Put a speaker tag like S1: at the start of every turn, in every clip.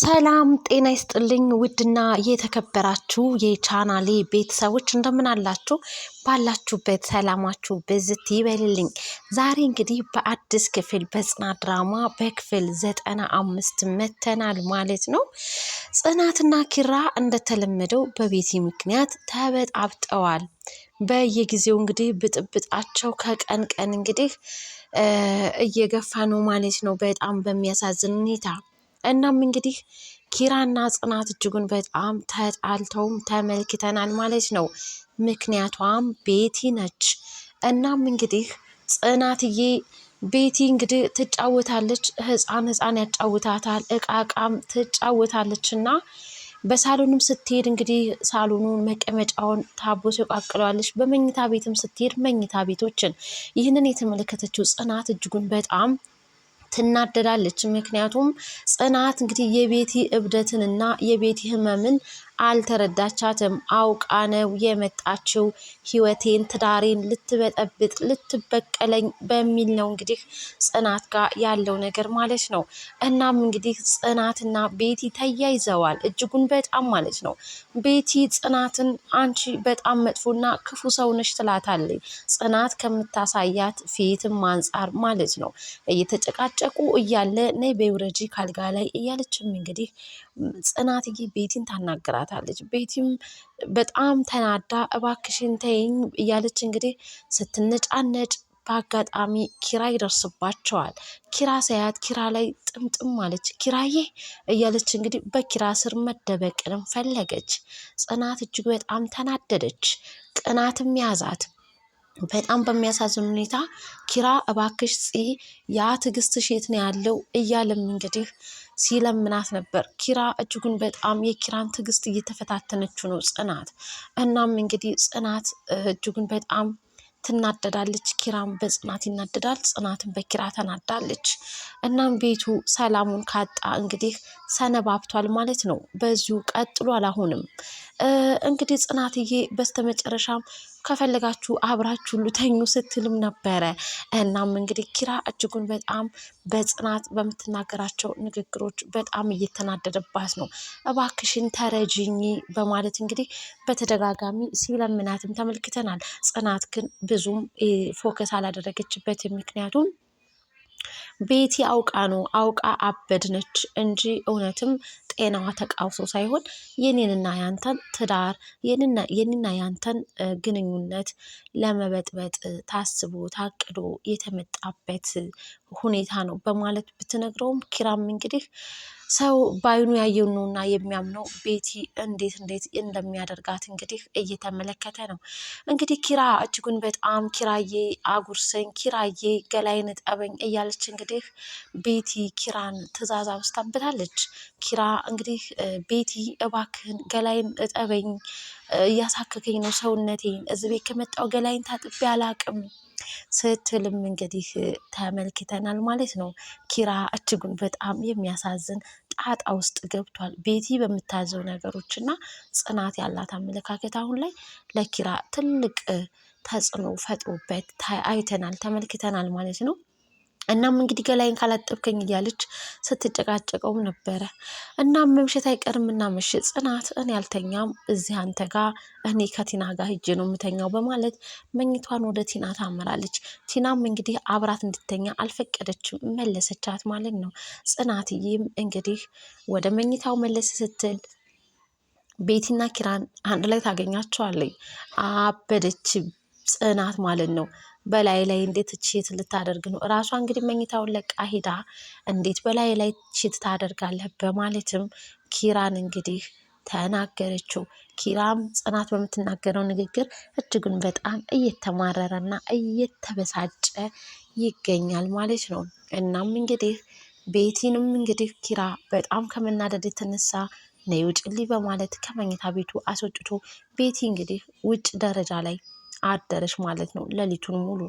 S1: ሰላም ጤና ይስጥልኝ። ውድና የተከበራችሁ የቻናሌ ቤተሰቦች እንደምን አላችሁ? ባላችሁበት ሰላማችሁ ብዝት ይበልልኝ። ዛሬ እንግዲህ በአዲስ ክፍል በጽናት ድራማ በክፍል ዘጠና አምስት መተናል ማለት ነው። ጽናትና ኪራ እንደተለመደው በቤቲ ምክንያት ተበጣብጠዋል። በየጊዜው እንግዲህ ብጥብጣቸው ከቀን ቀን እንግዲህ እየገፋ ነው ማለት ነው። በጣም በሚያሳዝን ሁኔታ እናም እንግዲህ ኪራና ጽናት እጅጉን በጣም ተጣልተውም ተመልክተናል ማለት ነው። ምክንያቷም ቤቲ ነች። እናም እንግዲህ ጽናትዬ ቤቲ እንግዲህ ትጫወታለች፣ ህፃን ህፃን ያጫውታታል፣ እቃቃም ትጫወታለች እና በሳሎንም ስትሄድ እንግዲህ ሳሎኑን መቀመጫውን ታቦ ሲቋቅለዋለች። በመኝታ ቤትም ስትሄድ መኝታ ቤቶችን ይህንን የተመለከተችው ጽናት እጅጉን በጣም ትናደዳለች። ምክንያቱም ጽናት እንግዲህ የቤቲ እብደትንና የቤቲ ህመምን አልተረዳቻትም። አውቃ ነው የመጣችው ህይወቴን፣ ትዳሬን ልትበጠብጥ ልትበቀለኝ በሚል ነው እንግዲህ ጽናት ጋር ያለው ነገር ማለት ነው። እናም እንግዲህ ጽናትና ቤቲ ተያይዘዋል እጅጉን በጣም ማለት ነው። ቤቲ ጽናትን አንቺ በጣም መጥፎና ክፉ ሰው ነሽ ትላታለች። ጽናት ከምታሳያት ፊትም አንጻር ማለት ነው። እየተጨቃጨቁ እያለ ነይ በውረጂ ካልጋ ላይ እያለችም እንግዲህ ጽናትዬ ቤቲን ታናግራታለች። ቤቲም በጣም ተናዳ እባክሽን ተይኝ እያለች እንግዲህ ስትነጫነጭ በአጋጣሚ ኪራ ይደርስባቸዋል። ኪራ ሳያት ኪራ ላይ ጥምጥም አለች። ኪራዬ እያለች እንግዲህ በኪራ ስር መደበቅንም ፈለገች። ጽናት እጅግ በጣም ተናደደች። ቅናትም ያዛት። በጣም በሚያሳዝን ሁኔታ ኪራ እባክሽ ጽ ያ ትዕግስትሽ የት ነው ያለው እያለም እንግዲህ ሲለምናት ነበር። ኪራ እጅጉን በጣም የኪራን ትዕግስት እየተፈታተነችው ነው ጽናት። እናም እንግዲህ ጽናት እጅጉን በጣም ትናደዳለች። ኪራም በጽናት ይናደዳል። ጽናትን በኪራ ተናዳለች። እናም ቤቱ ሰላሙን ካጣ እንግዲህ ሰነባብቷል ማለት ነው። በዚሁ ቀጥሏል። አሁንም እንግዲህ ጽናትዬ በስተመጨረሻም ከፈለጋችሁ አብራችሁ ሁሉ ተኙ ስትልም ነበረ። እናም እንግዲህ ኪራ እጅጉን በጣም በጽናት በምትናገራቸው ንግግሮች በጣም እየተናደደባት ነው። እባክሽን ተረጅኝ በማለት እንግዲህ በተደጋጋሚ ሲለምናትም ተመልክተናል። ጽናት ግን ብዙም ፎከስ አላደረገችበትም። ምክንያቱም ቤቲ አውቃ ነው አውቃ አበድነች እንጂ እውነትም ጤናዋ ተቃውሶ ሳይሆን የኔንና ያንተን ትዳር የኔና ያንተን ግንኙነት ለመበጥበጥ ታስቦ ታቅዶ የተመጣበት ሁኔታ ነው በማለት ብትነግረውም ኪራም እንግዲህ ሰው በአይኑ ያየው ነውና የሚያምነው ቤቲ እንዴት እንዴት እንደሚያደርጋት እንግዲህ እየተመለከተ ነው። እንግዲህ ኪራ እጅጉን በጣም ኪራዬ አጉርሰኝ፣ ኪራዬ ገላይን ጠበኝ እያለች እንግዲህ ቤቲ ኪራን ትዕዛዝ አውስታበታለች። ኪራ እንግዲህ ቤቲ እባክህን ገላይም እጠበኝ እያሳከከኝ ነው ሰውነቴን፣ እዚህ ቤት ከመጣው ገላይን ታጥቤ አላቅም ስትልም እንግዲህ ተመልክተናል ማለት ነው። ኪራ እጅጉን በጣም የሚያሳዝን ጣጣ ውስጥ ገብቷል። ቤቲ በምታዘው ነገሮች እና ጽናት ያላት አመለካከት አሁን ላይ ለኪራ ትልቅ ተጽዕኖ ፈጥሮበት አይተናል፣ ተመልክተናል ማለት ነው። እናም እንግዲህ ገላይን ካላጠብከኝ እያለች ስትጨቃጨቀውም ነበረ። እናም መምሸት አይቀርም እና መሽ ጽናት እኔ ያልተኛም እዚህ አንተ ጋ እኔ ከቲና ጋር ሂጄ ነው የምተኛው በማለት መኝቷን ወደ ቲና ታመራለች። ቲናም እንግዲህ አብራት እንድተኛ አልፈቀደችም፣ መለሰቻት ማለት ነው። ጽናትዬም እንግዲህ ወደ መኝታው መለስ ስትል ቤቲና ኪራን አንድ ላይ ታገኛቸዋለኝ። አበደችም። ጽናት ማለት ነው። በላይ ላይ እንዴት ቺት ልታደርግ ነው? እራሷ እንግዲህ መኝታውን ለቃ ሄዳ እንዴት በላይ ላይ ቺት ታደርጋለህ? በማለትም ኪራን እንግዲህ ተናገረችው። ኪራም ጽናት በምትናገረው ንግግር እጅጉን በጣም እየተማረረና እየተበሳጨ ይገኛል ማለት ነው። እናም እንግዲህ ቤቲንም እንግዲህ ኪራ በጣም ከመናደድ የተነሳ ነይ ውጭልኝ በማለት ከመኝታ ቤቱ አስወጥቶ ቤቲ እንግዲህ ውጭ ደረጃ ላይ አደረች ማለት ነው። ሌሊቱን ሙሉ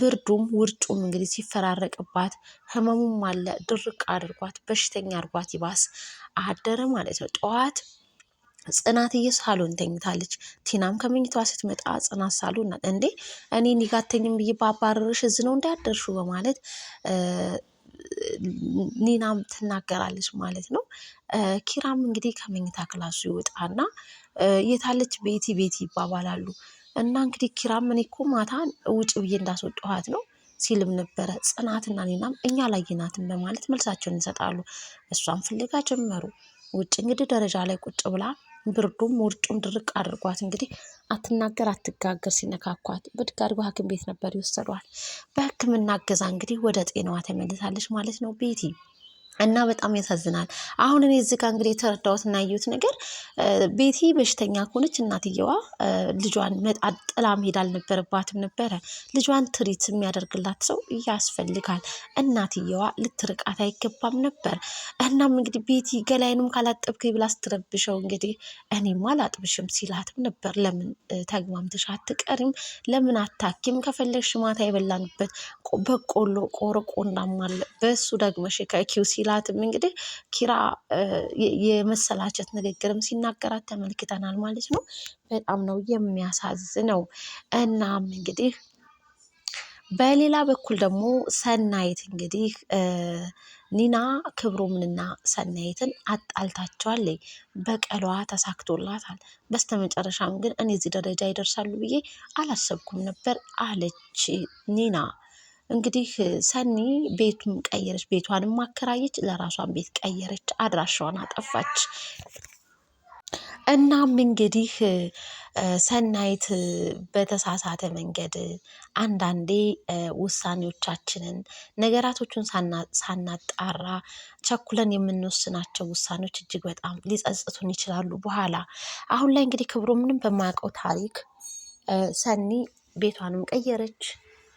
S1: ብርዱም ውርጩም እንግዲህ ሲፈራረቅባት ህመሙም አለ ድርቅ አድርጓት በሽተኛ አድርጓት ይባስ አደረ ማለት ነው። ጠዋት ጽናትዬ ሳሎን ተኝታለች። ቲናም ከመኝታዋ ስትመጣ ጽናት ሳሎን ናት። እንዴ እኔ ኒጋተኝም ብዬ ባባረርሽ እዚህ ነው እንዳደርሹ በማለት ኒናም ትናገራለች ማለት ነው። ኪራም እንግዲህ ከመኝታ ክላሱ ይወጣና የታለች ቤቲ ቤቲ ይባባላሉ። እና እንግዲህ ኪራም እኔ እኮ ማታ ውጭ ብዬ እንዳስወጣኋት ነው ሲልም ነበረ። ጽናትና ኔናም እኛ ላየናትን በማለት መልሳቸውን ይሰጣሉ። እሷም ፍለጋ ጀመሩ። ውጭ እንግዲህ ደረጃ ላይ ቁጭ ብላ ብርዱም ውርጩም ድርቅ አድርጓት እንግዲህ አትናገር አትጋገር ሲነካኳት ብድግ አድርጎ ሐኪም ቤት ነበር ይወሰዷል። በህክምና እገዛ እንግዲህ ወደ ጤናዋ ተመልሳለች ማለት ነው ቤቲ እና በጣም ያሳዝናል። አሁን እኔ እዚህ ጋር እንግዲህ የተረዳሁት እና ያየሁት ነገር ቤቲ በሽተኛ ከሆነች እናትየዋ ልጇን መጣል ጥላ መሄድ አልነበረባትም ነበረ። ልጇን ትሪት የሚያደርግላት ሰው ያስፈልጋል። እናትየዋ ልትርቃት አይገባም ነበር። እናም እንግዲህ ቤቲ ገላይንም ካላጠብክ ብላ ስትረብሸው እንግዲህ እኔም አላጥብሽም ሲላትም ነበር። ለምን ተግማምተሽ አትቀሪም? ለምን አታኪም? ከፈለግሽ ማታ የበላንበት በቆሎ ቆርቆ እንዳማለ በእሱ ደግመሽ ከኪውሲ ሲላትም እንግዲህ ኪራ የመሰላቸት ንግግርም ሲናገራት ተመልክተናል ማለት ነው። በጣም ነው የሚያሳዝነው። እናም እንግዲህ በሌላ በኩል ደግሞ ሰናይት እንግዲህ ኒና ክብሩምንና ሰናይትን አጣልታቸዋለኝ። በቀሏ ተሳክቶላታል። በስተመጨረሻም ግን እኔ እዚህ ደረጃ ይደርሳሉ ብዬ አላሰብኩም ነበር አለች ኒና። እንግዲህ ሰኒ ቤቱን ቀየረች፣ ቤቷንም አከራየች፣ ለራሷን ቤት ቀየረች፣ አድራሻዋን አጠፋች። እናም እንግዲህ ሰናይት በተሳሳተ መንገድ አንዳንዴ ውሳኔዎቻችንን ነገራቶቹን ሳናጣራ ቸኩለን የምንወስናቸው ውሳኔዎች እጅግ በጣም ሊጸጽቱን ይችላሉ። በኋላ አሁን ላይ እንግዲህ ክብሩ ምንም በማያውቀው ታሪክ ሰኒ ቤቷንም ቀየረች።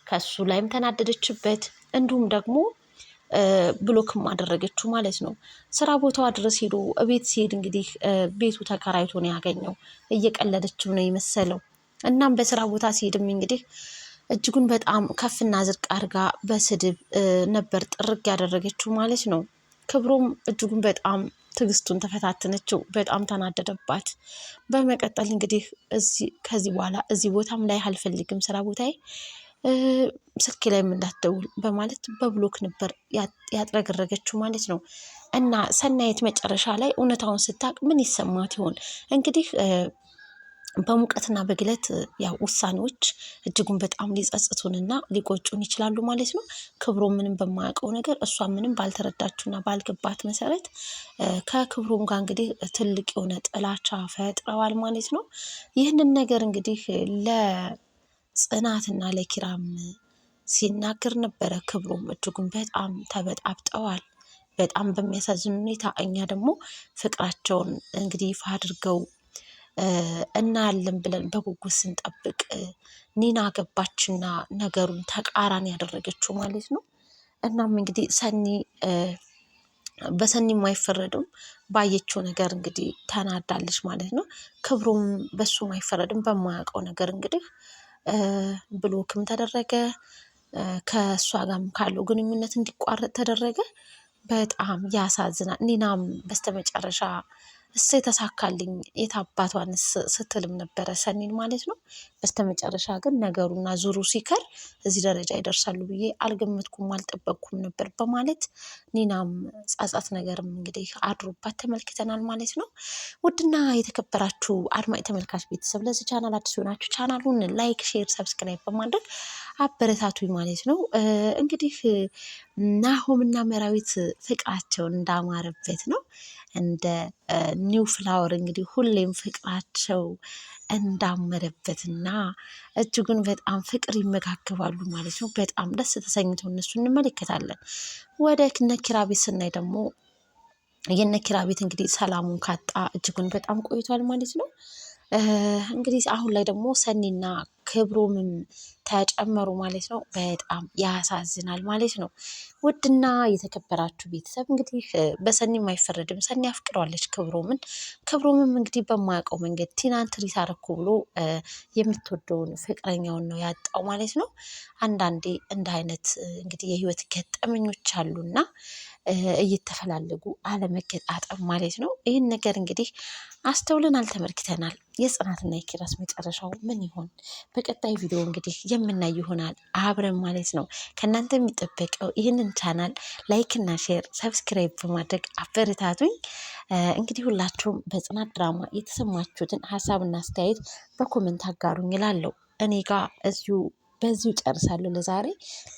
S1: ከሱ ላይም ተናደደችበት። እንዲሁም ደግሞ ብሎክም አደረገችው ማለት ነው። ስራ ቦታዋ ድረስ ሄዶ ቤት ሲሄድ እንግዲህ ቤቱ ተከራይቶ ነው ያገኘው። እየቀለደችው ነው የመሰለው። እናም በስራ ቦታ ሲሄድም እንግዲህ እጅጉን በጣም ከፍና ዝቅ አድርጋ በስድብ ነበር ጥርግ ያደረገችው ማለት ነው። ክብሮም እጅጉን በጣም ትዕግስቱን ተፈታተነችው። በጣም ተናደደባት። በመቀጠል እንግዲህ ከዚህ በኋላ እዚህ ቦታም ላይ አልፈልግም ስራ ቦታዬ ስልክ ላይም እንዳትደውል በማለት በብሎክ ነበር ያጥረገረገችው ማለት ነው። እና ሰናየት መጨረሻ ላይ እውነታውን ስታቅ ምን ይሰማት ይሆን እንግዲህ በሙቀትና በግለት ያው ውሳኔዎች እጅጉን በጣም ሊጸጽቱንና ሊቆጩን ይችላሉ ማለት ነው። ክብሮ ምንም በማያውቀው ነገር እሷ ምንም ባልተረዳችውና ባልገባት መሰረት ከክብሮም ጋር እንግዲህ ትልቅ የሆነ ጥላቻ ፈጥረዋል ማለት ነው። ይህንን ነገር እንግዲህ ለ ጽናትና ለኪራም ሲናገር ነበረ። ክብሮም እጅጉን በጣም ተበጣብጠዋል። በጣም በሚያሳዝን ሁኔታ እኛ ደግሞ ፍቅራቸውን እንግዲህ ይፋ አድርገው እናያለን ብለን በጉጉት ስንጠብቅ ኒና ገባችና ነገሩን ተቃራኒ ያደረገችው ማለት ነው። እናም እንግዲህ ሰኒ በሰኒም አይፈረድም ባየችው ነገር እንግዲህ ተናዳለች ማለት ነው። ክብሩም በሱም አይፈረድም በማያውቀው ነገር እንግዲህ ብሎክም ተደረገ። ከእሷ ጋርም ካለው ግንኙነት እንዲቋረጥ ተደረገ። በጣም ያሳዝናል። ኒናም በስተመጨረሻ እሰ የተሳካልኝ አባቷን ስትልም ነበረ ሰኒን ማለት ነው። በስተመጨረሻ ግን ነገሩና ዙሩ ሲከር እዚህ ደረጃ ይደርሳሉ ብዬ አልገመትኩም፣ አልጠበቅኩም ነበር በማለት ኒናም ጻጻት ነገርም እንግዲህ አድሮባት ተመልክተናል ማለት ነው። ውድና የተከበራችሁ አድማጭ ተመልካች ቤተሰብ ለዚህ ቻናል አዲስ ሆናችሁ ቻናሉን ላይክ፣ ሼር፣ ሰብስክራይብ በማድረግ አበረታቱኝ ማለት ነው እንግዲህ ናሆምና መራዊት ፍቅራቸውን እንዳማረበት ነው። እንደ ኒው ፍላወር እንግዲህ ሁሌም ፍቅራቸው እንዳመረበትና እጅጉን በጣም ፍቅር ይመጋገባሉ ማለት ነው። በጣም ደስ ተሰኝተው እነሱ እንመለከታለን። ወደ ነኪራ ቤት ስናይ ደግሞ የነኪራ ቤት እንግዲህ ሰላሙን ካጣ እጅጉን በጣም ቆይቷል ማለት ነው። እንግዲህ አሁን ላይ ደግሞ ሰኒና ክብሩምም ተጨመሩ ማለት ነው። በጣም ያሳዝናል ማለት ነው። ውድና የተከበራችሁ ቤተሰብ እንግዲህ በሰኒም አይፈረድም። ሰኒ አፍቅሯለች ክብሩምን። ክብሩምም እንግዲህ በማያውቀው መንገድ ቲናን ትሪት ብሎ የምትወደውን ፍቅረኛውን ነው ያጣው ማለት ነው። አንዳንዴ እንደ አይነት እንግዲህ የህይወት ገጠመኞች አሉና እየተፈላለጉ አለመገጣጠም ማለት ነው። ይህን ነገር እንግዲህ አስተውለናል፣ ተመልክተናል። የጽናትና የኪራስ መጨረሻው ምን ይሆን? በቀጣይ ቪዲዮ እንግዲህ የምናይ ይሆናል አብረን ማለት ነው። ከእናንተ የሚጠበቀው ይህንን ቻናል ላይክና ሼር፣ ሰብስክራይብ በማድረግ አበረታቱኝ። እንግዲህ ሁላችሁም በጽናት ድራማ የተሰማችሁትን ሀሳብና አስተያየት በኮመንት አጋሩኝ ይላለሁ። እኔ ጋር እዚሁ በዚሁ ጨርሳለሁ። ለዛሬ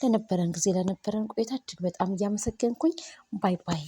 S1: ለነበረን ጊዜ ለነበረን ቆይታ እጅግ በጣም እያመሰገንኩኝ ባይ ባይ።